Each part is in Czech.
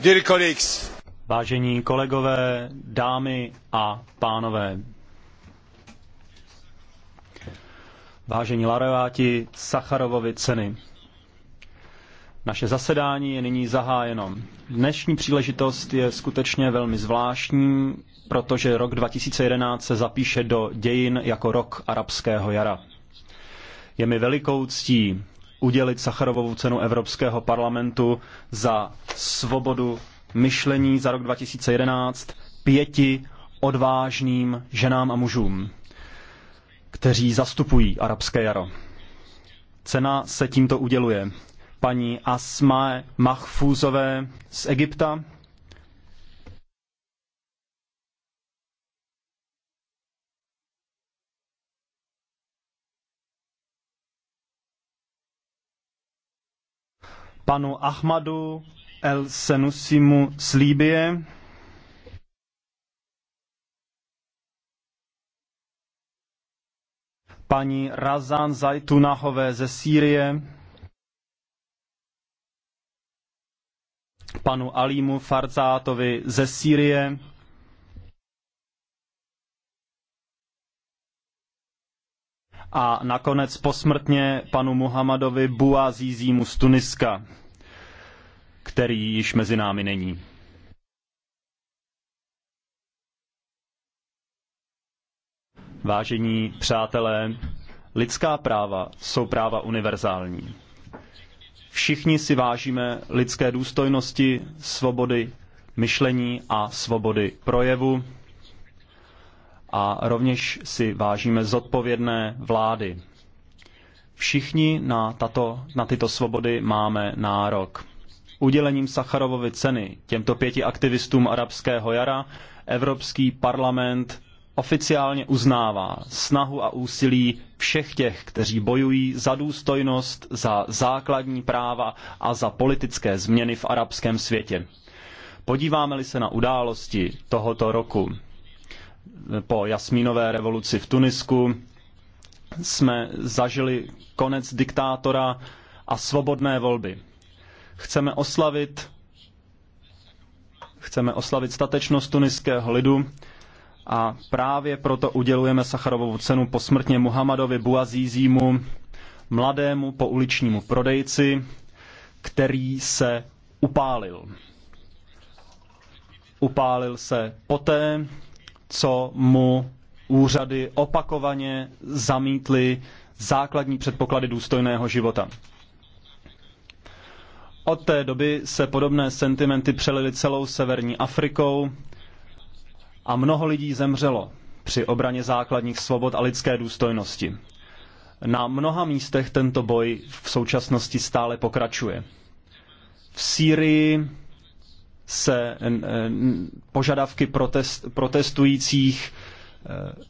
Dear colleagues. Vážení kolegové, dámy a pánové. Vážení lareváti Sacharovovi ceny. Naše zasedání je nyní zahájeno. Dnešní příležitost je skutečně velmi zvláštní, protože rok 2011 se zapíše do dějin jako rok arabského jara. Je mi velikou ctí udělit Sacharovovu cenu Evropského parlamentu za svobodu myšlení za rok 2011 pěti odvážným ženám a mužům, kteří zastupují arabské jaro. Cena se tímto uděluje paní Asma Mahfuzové z Egypta, panu Ahmadu El Senusimu z Líbie, paní Razan Zajtunahové ze Sýrie, panu Alímu Farzátovi ze Sýrie, a nakonec posmrtně panu Muhammadovi Bouazízímu z Tuniska který již mezi námi není. Vážení přátelé, lidská práva jsou práva univerzální. Všichni si vážíme lidské důstojnosti, svobody myšlení a svobody projevu a rovněž si vážíme zodpovědné vlády. Všichni na, tato, na tyto svobody máme nárok udělením Sacharovovy ceny těmto pěti aktivistům arabského jara Evropský parlament oficiálně uznává snahu a úsilí všech těch, kteří bojují za důstojnost, za základní práva a za politické změny v arabském světě. Podíváme-li se na události tohoto roku, po jasmínové revoluci v Tunisku jsme zažili konec diktátora a svobodné volby. Chceme oslavit chceme oslavit statečnost tuniského lidu a právě proto udělujeme Sacharovovu cenu posmrtně Muhammadovi Buazízímu, mladému pouličnímu prodejci, který se upálil. Upálil se poté, co mu úřady opakovaně zamítly základní předpoklady důstojného života. Od té doby se podobné sentimenty přelily celou severní Afrikou a mnoho lidí zemřelo při obraně základních svobod a lidské důstojnosti. Na mnoha místech tento boj v současnosti stále pokračuje. V Sýrii se požadavky protest, protestujících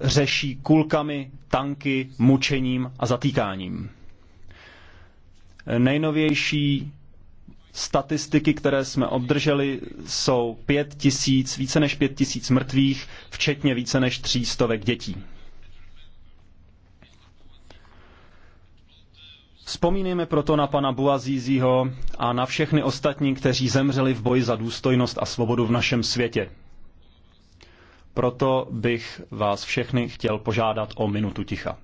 e, řeší kulkami, tanky, mučením a zatýkáním. Nejnovější Statistiky, které jsme obdrželi, jsou pět tisíc, více než pět tisíc mrtvých, včetně více než tří stovek dětí. Vzpomínejme proto na pana Buazízího a na všechny ostatní, kteří zemřeli v boji za důstojnost a svobodu v našem světě. Proto bych vás všechny chtěl požádat o minutu ticha.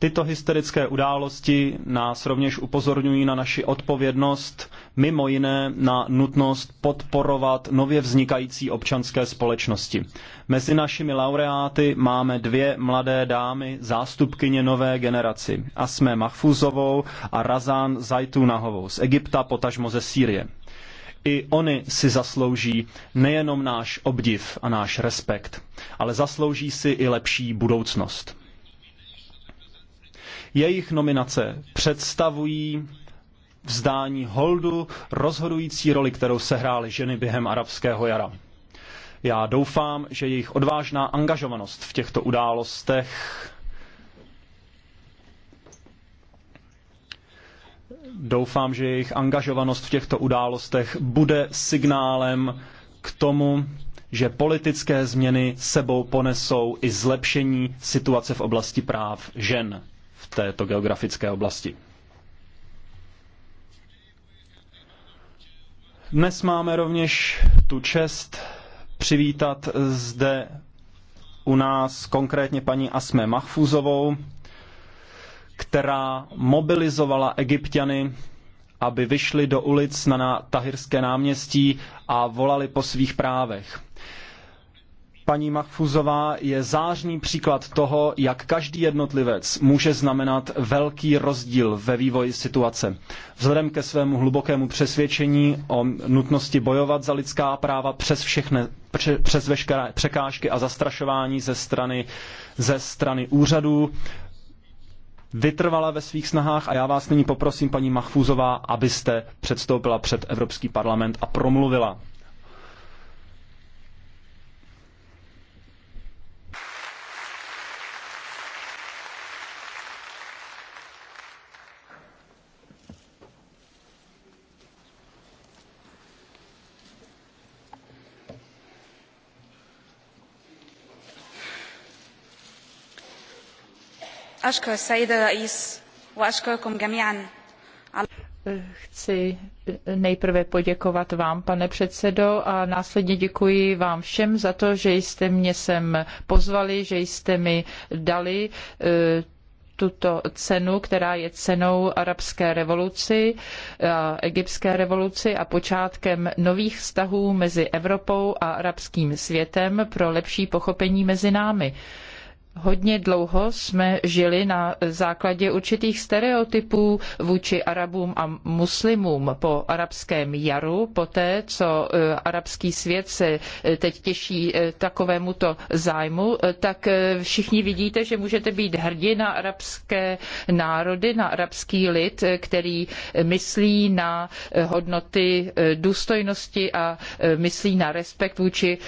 Tyto historické události nás rovněž upozorňují na naši odpovědnost, mimo jiné na nutnost podporovat nově vznikající občanské společnosti. Mezi našimi laureáty máme dvě mladé dámy, zástupkyně nové generaci. Asme Mahfuzovou a Razan Zajtunahovou z Egypta, potažmo ze Sýrie. I oni si zaslouží nejenom náš obdiv a náš respekt, ale zaslouží si i lepší budoucnost. Jejich nominace představují vzdání holdu rozhodující roli, kterou sehrály ženy během arabského jara. Já doufám, že jejich odvážná angažovanost v těchto událostech Doufám, že jejich angažovanost v těchto událostech bude signálem k tomu, že politické změny sebou ponesou i zlepšení situace v oblasti práv žen v této geografické oblasti. Dnes máme rovněž tu čest přivítat zde u nás konkrétně paní Asme Mahfuzovou, která mobilizovala egyptiany, aby vyšli do ulic na Tahirské náměstí a volali po svých právech. Paní Machfuzová je zářný příklad toho, jak každý jednotlivec může znamenat velký rozdíl ve vývoji situace. Vzhledem ke svému hlubokému přesvědčení o nutnosti bojovat za lidská práva přes, všechny, přes veškeré překážky a zastrašování ze strany, ze strany úřadů, vytrvala ve svých snahách a já vás nyní poprosím, paní Machfuzová, abyste předstoupila před Evropský parlament a promluvila. Chci nejprve poděkovat vám, pane předsedo, a následně děkuji vám všem za to, že jste mě sem pozvali, že jste mi dali e, tuto cenu, která je cenou arabské revoluci, e, egyptské revoluci a počátkem nových vztahů mezi Evropou a arabským světem pro lepší pochopení mezi námi. Hodně dlouho jsme žili na základě určitých stereotypů vůči Arabům a muslimům po arabském jaru, poté co eh, arabský svět se eh, teď těší eh, takovémuto zájmu, tak všichni vidíte, že můžete být hrdí na arabské národy, na arabský lid, který myslí na hodnoty důstojnosti a myslí na respekt vůči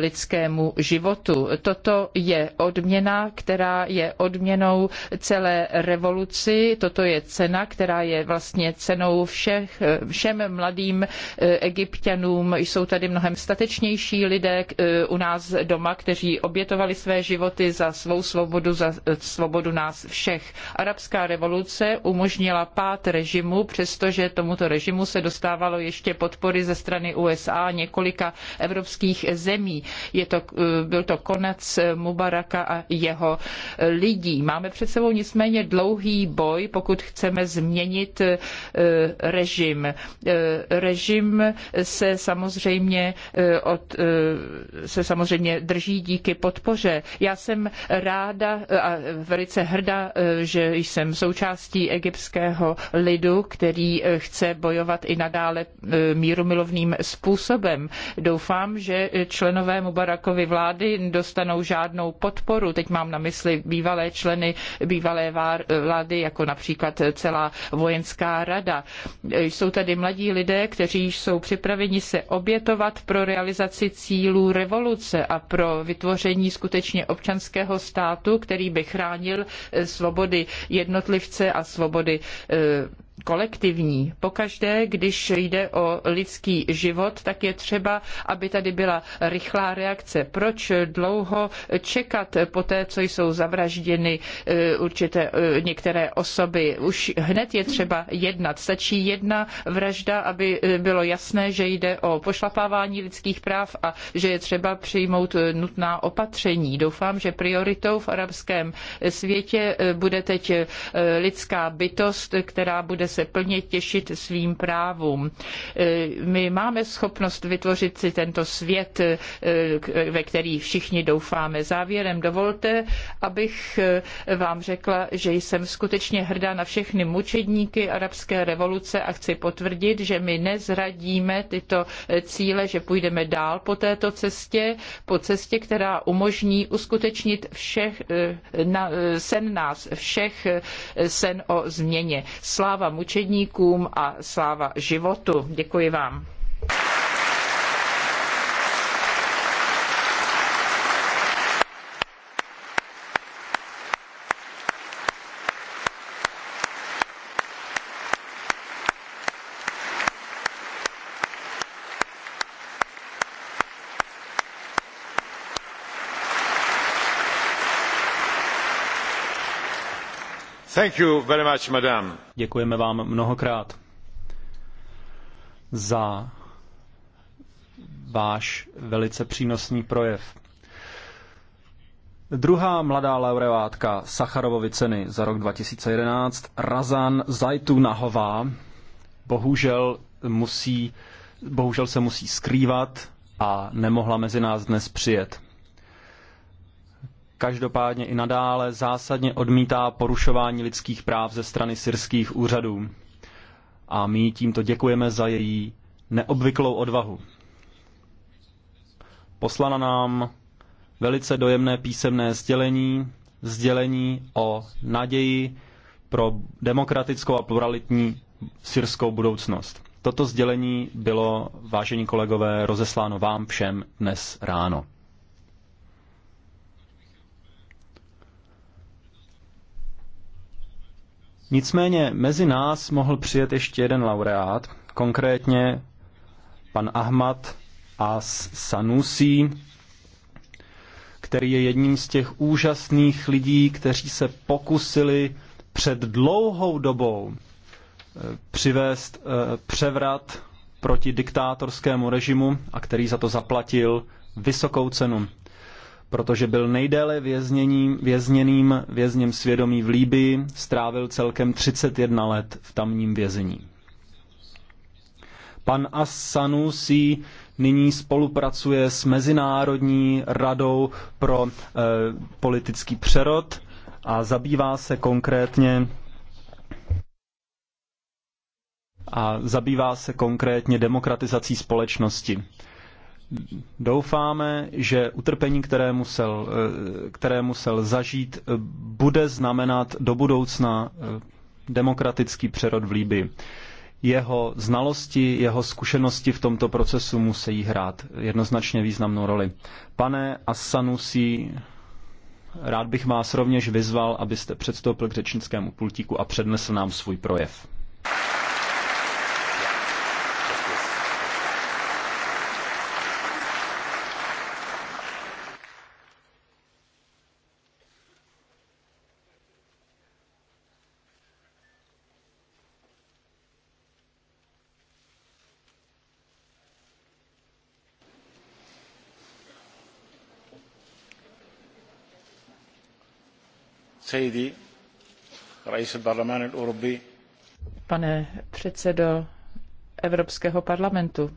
lidskému životu. Toto je odměna odměna, která je odměnou celé revoluci. Toto je cena, která je vlastně cenou všech, všem mladým eh, egyptianům. Jsou tady mnohem statečnější lidé eh, u nás doma, kteří obětovali své životy za svou svobodu, za eh, svobodu nás všech. Arabská revoluce umožnila pád režimu, přestože tomuto režimu se dostávalo ještě podpory ze strany USA a několika evropských zemí. Je to, byl to konec Mubaraka a jeho lidí. Máme před sebou nicméně dlouhý boj, pokud chceme změnit eh, režim. Eh, režim se samozřejmě, eh, od, se samozřejmě drží díky podpoře. Já jsem ráda a velice hrdá, že jsem součástí egyptského lidu, který chce bojovat i nadále mírumilovným způsobem. Doufám, že členové Mubarakovy vlády dostanou žádnou podporu. Teď teď mám na mysli bývalé členy bývalé vlády, jako například celá vojenská rada. Jsou tady mladí lidé, kteří jsou připraveni se obětovat pro realizaci cílů revoluce a pro vytvoření skutečně občanského státu, který by chránil eh, svobody jednotlivce a svobody eh, kolektivní. Pokaždé, když jde o lidský život, tak je třeba, aby tady byla rychlá reakce. Proč dlouho čekat po té, co jsou zavražděny eh, určité eh, některé osoby? Už hned je třeba jednat. Stačí jedna vražda, aby eh, bylo jasné, že jde o pošlapávání lidských práv a že je třeba přijmout nutná opatření. Doufám, že prioritou v arabském světě bude teď lidská bytost, která bude bude se plně těšit svým právům. E, my máme schopnost vytvořit si tento svět, e, ve který všichni doufáme. Závěrem dovolte, abych e, vám řekla, že jsem skutečně hrdá na všechny mučedníky arabské revoluce a chci potvrdit, že my nezradíme tyto cíle, že půjdeme dál po této cestě, po cestě, která umožní uskutečnit všech, sen nás, všech sen o změně. Sláva mučedníkům a sláva životu. Děkuji vám. Děkujeme vám mnohokrát za váš velice přínosný projev. Druhá mladá laureátka Sacharovovy ceny za rok 2011, Razan Zajtunahová, bohužel musí, bohužel se musí skrývat a nemohla mezi nás dnes přijet každopádně i nadále zásadně odmítá porušování lidských práv ze strany syrských úřadů. A my tímto děkujeme za její neobvyklou odvahu. Poslala nám velice dojemné písemné sdělení, sdělení o naději pro demokratickou a pluralitní syrskou budoucnost. Toto sdělení bylo, vážení kolegové, rozesláno vám všem dnes ráno. Nicméně mezi nás mohl přijet ještě jeden laureát, konkrétně pan Ahmad As Sanusi, který je jedním z těch úžasných lidí, kteří se pokusili před dlouhou dobou eh, přivést eh, převrat proti diktátorskému režimu a který za to zaplatil vysokou cenu protože byl nejdéle vězněním, vězněným vězněm svědomí v Líbii, strávil celkem 31 let v tamním vězení. Pan Assanusi nyní spolupracuje s Mezinárodní radou pro e, politický přerod a zabývá se konkrétně a zabývá se konkrétně demokratizací společnosti. Doufáme, že utrpení, které musel, eh, které musel zažít, eh, bude znamenat do budoucna eh, demokratický přerod v Líbii. Jeho znalosti, jeho zkušenosti v tomto procesu musí hrát jednoznačně významnou roli. Pane Assanusi, rád bych vás rovněž vyzval, abyste předstoupil k řečnickému pultíku a přednesl nám svůj projev. Pane předsedo Evropského parlamentu,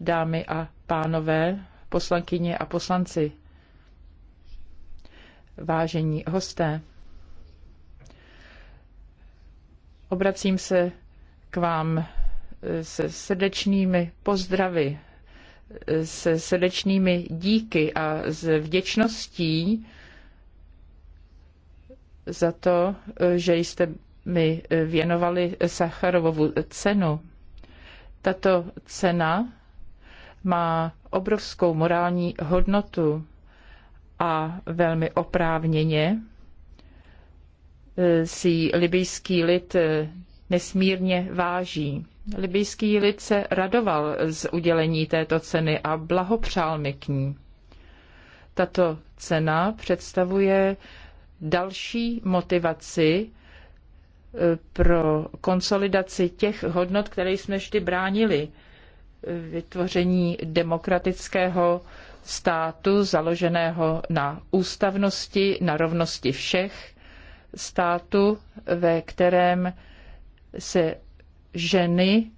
dámy a pánové, poslankyně a poslanci, vážení hosté, obracím se k vám se srdečnými pozdravy, se srdečnými díky a s vděčností za to, že jste mi věnovali Sacharovovu cenu. Tato cena má obrovskou morální hodnotu a velmi oprávněně si libijský lid nesmírně váží. Libijský lid se radoval z udělení této ceny a blahopřál mi k ní. Tato cena představuje další motivaci eh, pro konsolidaci těch hodnot, které jsme vždy bránili. Vytvoření demokratického státu založeného na ústavnosti, na rovnosti všech, státu, ve kterém se ženy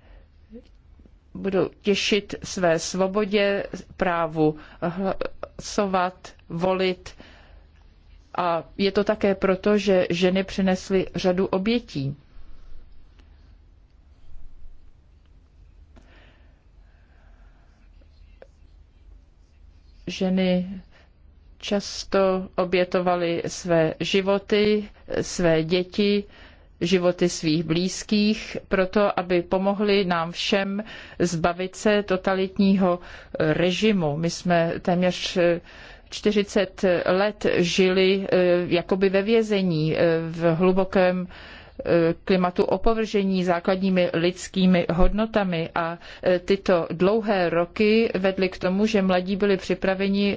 budou těšit své svobodě, právu hlasovat, volit, a je to také proto, že ženy přinesly řadu obětí. Ženy často obětovaly své životy, své děti, životy svých blízkých, proto aby pomohli nám všem zbavit se totalitního režimu. My jsme téměř 40 let žili eh, jakoby ve vězení, eh, v hlubokém eh, klimatu opovržení základními lidskými hodnotami a tyto dlouhé roky vedly k tomu, že mladí byli připraveni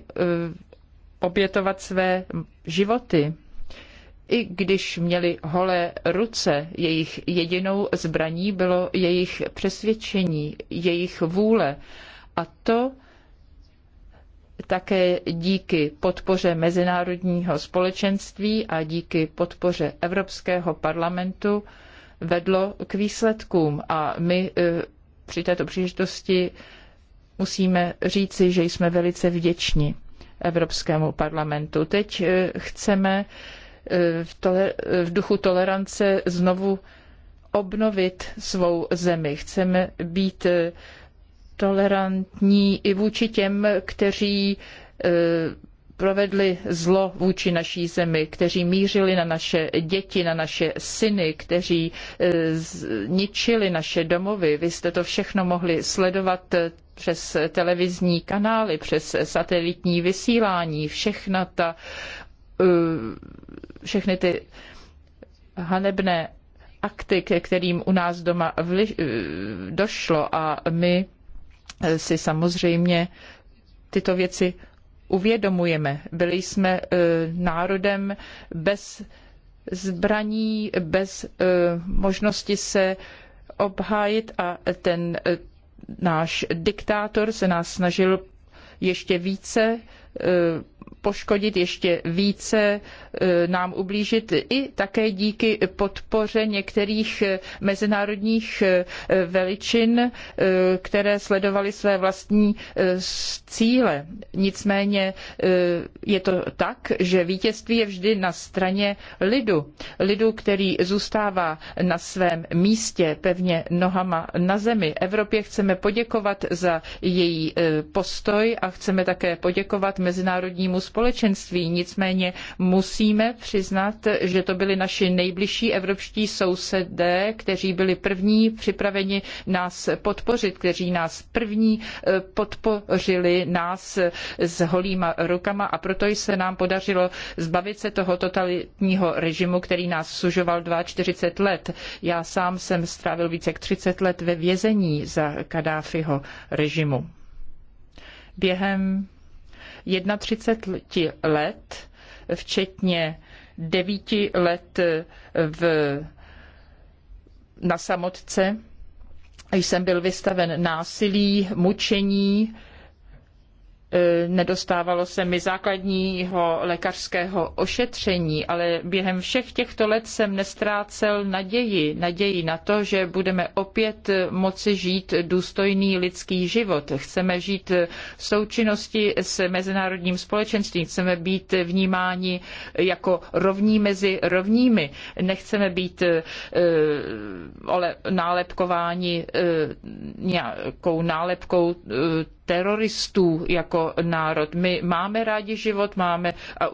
obětovat své životy. I když měli holé ruce, jejich jedinou zbraní bylo jejich přesvědčení, jejich vůle. A to také díky podpoře mezinárodního společenství a díky podpoře Evropského parlamentu vedlo k výsledkům. A my eh, při této příležitosti musíme říci, že jsme velice vděční Evropskému parlamentu. Teď eh, chceme eh, v, tole, v duchu tolerance znovu obnovit svou zemi. Chceme být tolerantní i vůči těm, kteří eh, provedli zlo vůči naší zemi, kteří mířili na naše děti, na naše syny, kteří eh, ničili naše domovy. Vy jste to všechno mohli sledovat eh, přes televizní kanály, přes satelitní vysílání, všechna ta, všechny ty hanebné akty, ke kterým u nás doma došlo a my Eh, si samozřejmě tyto věci uvědomujeme. Byli jsme eh, národem bez zbraní, bez eh, možnosti se obhájit a ten náš diktátor se nás snažil ještě více poškodit ještě více, e, nám ublížit i také díky podpoře některých e, mezinárodních e, veličin, které sledovaly své vlastní cíle. Nicméně je to tak, že vítězství je vždy na straně lidu. Lidu, který zůstává na svém místě pevně nohama na zemi. Evropě chceme poděkovat za její postoj a chceme také poděkovat mezinárodnímu společenství. Nicméně musíme přiznat, že to byli naši nejbližší evropští sousedé, kteří byli první připraveni nás podpořit, kteří nás první eh, podpořili nás eh, s holýma rukama a proto se nám podařilo zbavit se toho totalitního režimu, který nás sužoval 42 let. Já sám jsem strávil více jak 30 let ve vězení za Kadáfiho režimu. Během 31 let, včetně 9 let v, na samotce, jsem byl vystaven násilí, mučení, Eh, nedostávalo se mi základního lékařského ošetření, ale během všech těchto let jsem nestrácel naději, naději na to, že budeme opět moci žít důstojný lidský život. Chceme žít v součinnosti s mezinárodním společenstvím, chceme být vnímáni jako rovní mezi rovními, nechceme být eh, eh, nálepkováni nějakou nálepkou teroristů jako národ. My máme rádi život, máme e,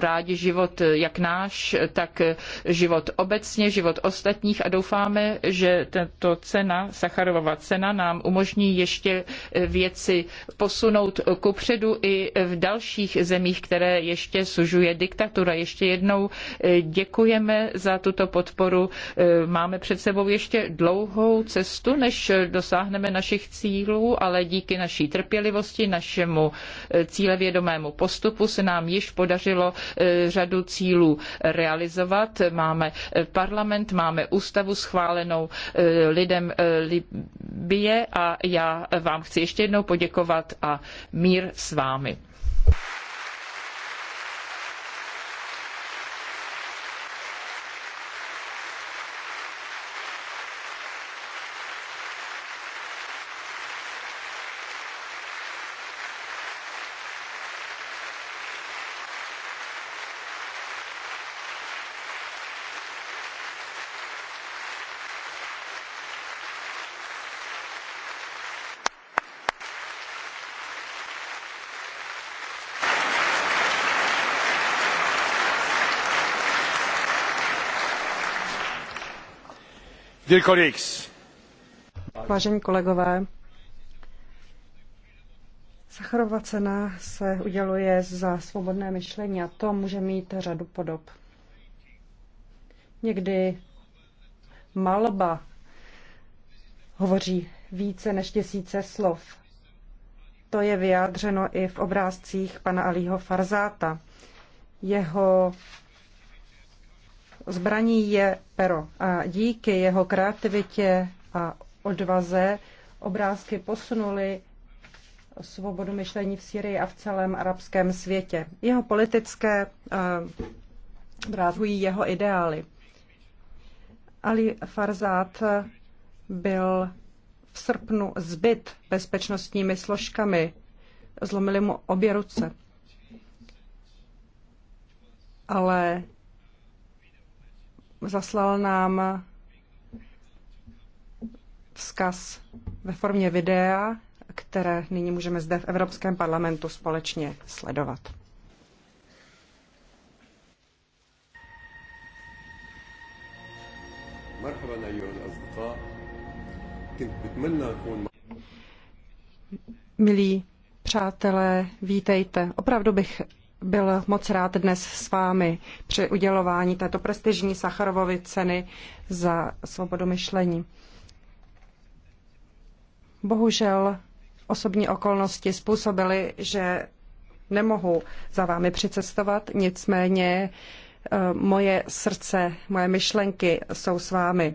rádi život jak náš, tak život obecně, život ostatních a doufáme, že tato cena, Sacharovova cena, nám umožní ještě věci posunout kupředu i v dalších zemích, které ještě sužuje diktatura. Ještě jednou e, děkujeme za tuto podporu. E, máme před sebou ještě dlouhou cestu, než dosáhneme našich cílů, ale díky naší trpělivosti, našemu eh, cílevědomému postupu se nám již podařilo eh, řadu cílů realizovat. Máme eh, parlament, máme ústavu schválenou lidem Libie a já vám chci ještě jednou poděkovat a mír s vámi. Vážení kolegové, Sacharova cena se uděluje za svobodné myšlení a to může mít řadu podob. Někdy malba hovoří více než tisíce slov. To je vyjádřeno i v obrázcích pana Alího Farzáta. Jeho zbraní je pero a díky jeho kreativitě a odvaze obrázky posunuly svobodu myšlení v Syrii a v celém arabském světě. Jeho politické vrázují jeho ideály. Ali Farzad byl v srpnu zbyt bezpečnostními složkami. Zlomili mu obě ruce. Ale zaslal nám vzkaz ve formě videa, které nyní můžeme zde v Evropském parlamentu společně sledovat. Milí přátelé, vítejte. Opravdu bych byl moc rád dnes s vámi při udělování této prestižní Sacharovovy ceny za svobodu myšlení. Bohužel osobní okolnosti způsobily, že nemohu za vámi přicestovat, nicméně eh, moje srdce, moje myšlenky jsou s vámi.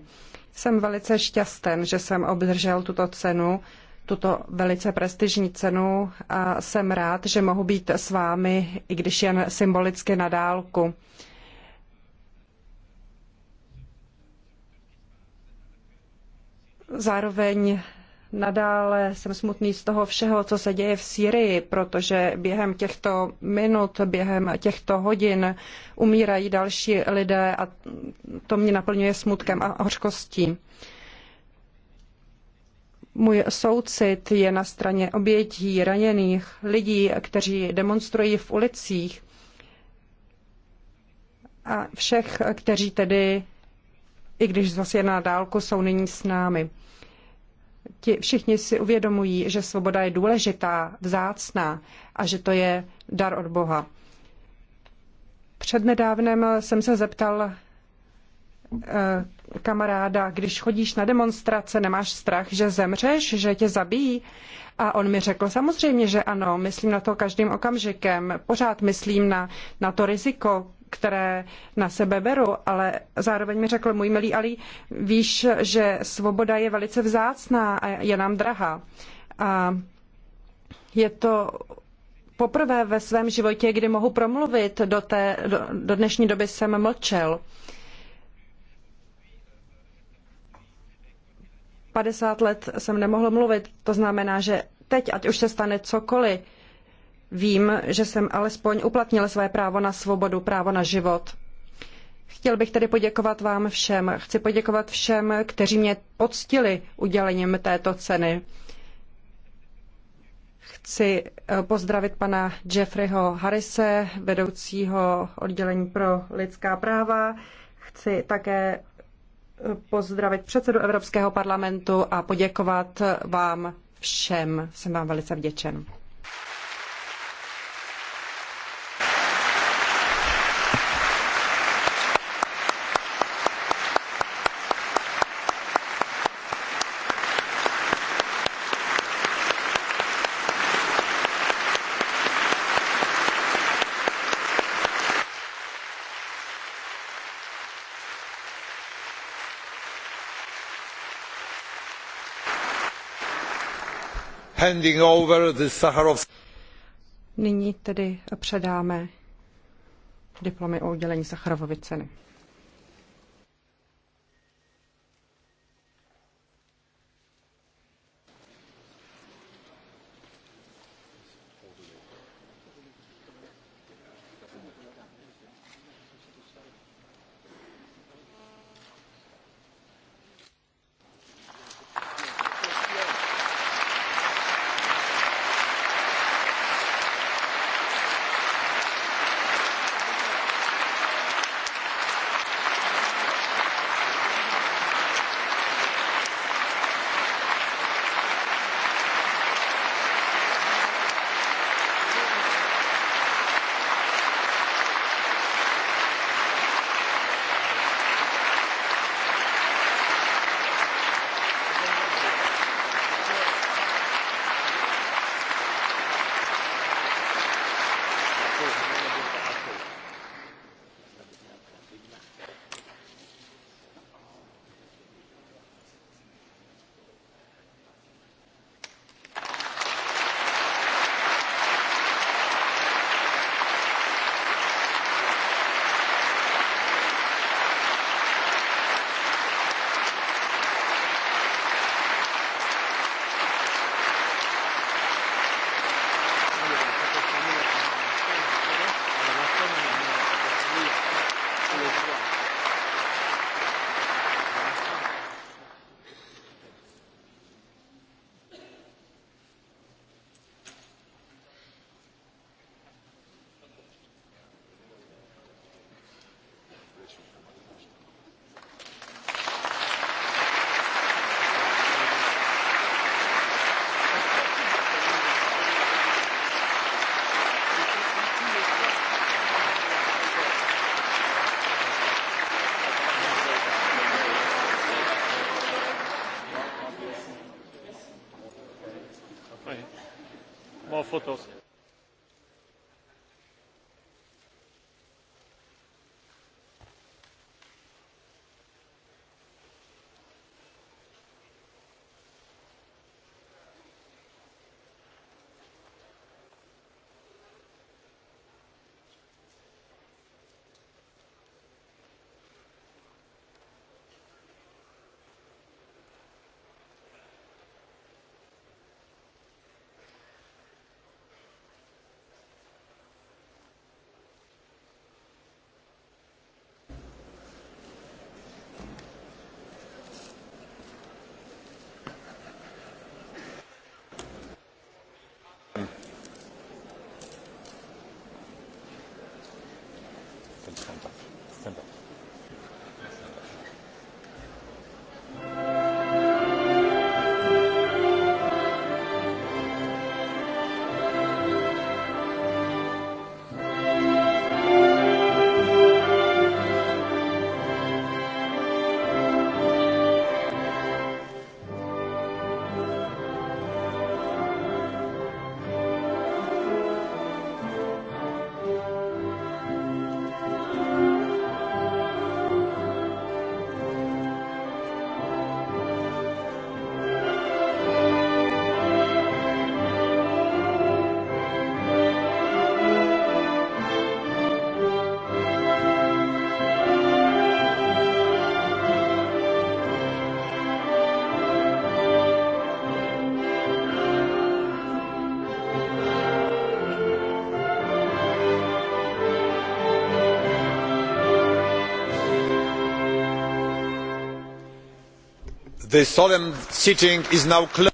Jsem velice šťasten, že jsem obdržel tuto cenu tuto velice prestižní cenu a jsem rád, že mohu být s vámi, i když jen symbolicky na dálku. Zároveň nadále jsem smutný z toho všeho, co se děje v Sýrii, protože během těchto minut, během těchto hodin umírají další lidé a to mě naplňuje smutkem a hořkostí. Můj soucit je na straně obětí, raněných, lidí, kteří demonstrují v ulicích a všech, kteří tedy, i když zase na dálku, jsou nyní s námi. Ti všichni si uvědomují, že svoboda je důležitá, vzácná a že to je dar od Boha. Přednedávnem jsem se zeptal eh, kamaráda, když chodíš na demonstrace, nemáš strach, že zemřeš, že tě zabijí? A on mi řekl, samozřejmě, že ano, myslím na to každým okamžikem, pořád myslím na, na to riziko, které na sebe beru, ale zároveň mi řekl můj milý Ali, víš, že svoboda je velice vzácná a je nám drahá. A je to poprvé ve svém životě, kdy mohu promluvit, do, té, do, do dnešní doby jsem mlčel. 50 let jsem nemohl mluvit. To znamená, že teď, ať už se stane cokoliv, vím, že jsem alespoň uplatnil své právo na svobodu, právo na život. Chtěl bych tedy poděkovat vám všem. Chci poděkovat všem, kteří mě poctili udělením této ceny. Chci eh, pozdravit pana Jeffreyho Harrise, vedoucího oddělení pro lidská práva. Chci také pozdravit předsedu Evropského parlamentu a poděkovat vám všem. Jsem vám velice vděčen. handing over the Nyní tedy předáme diplomy o udělení Sacharovovy ceny. fotos.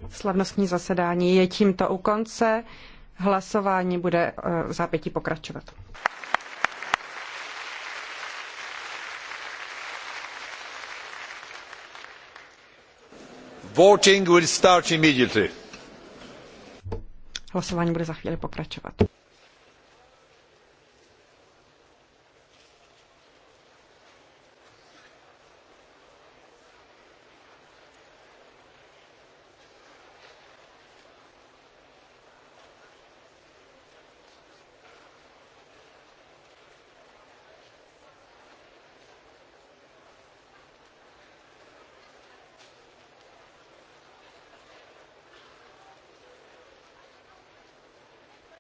Slavnostní zasedání je tímto u konce. Hlasování bude eh, v zápětí pokračovat. Voting will start immediately. Hlasování bude za chvíli pokračovat.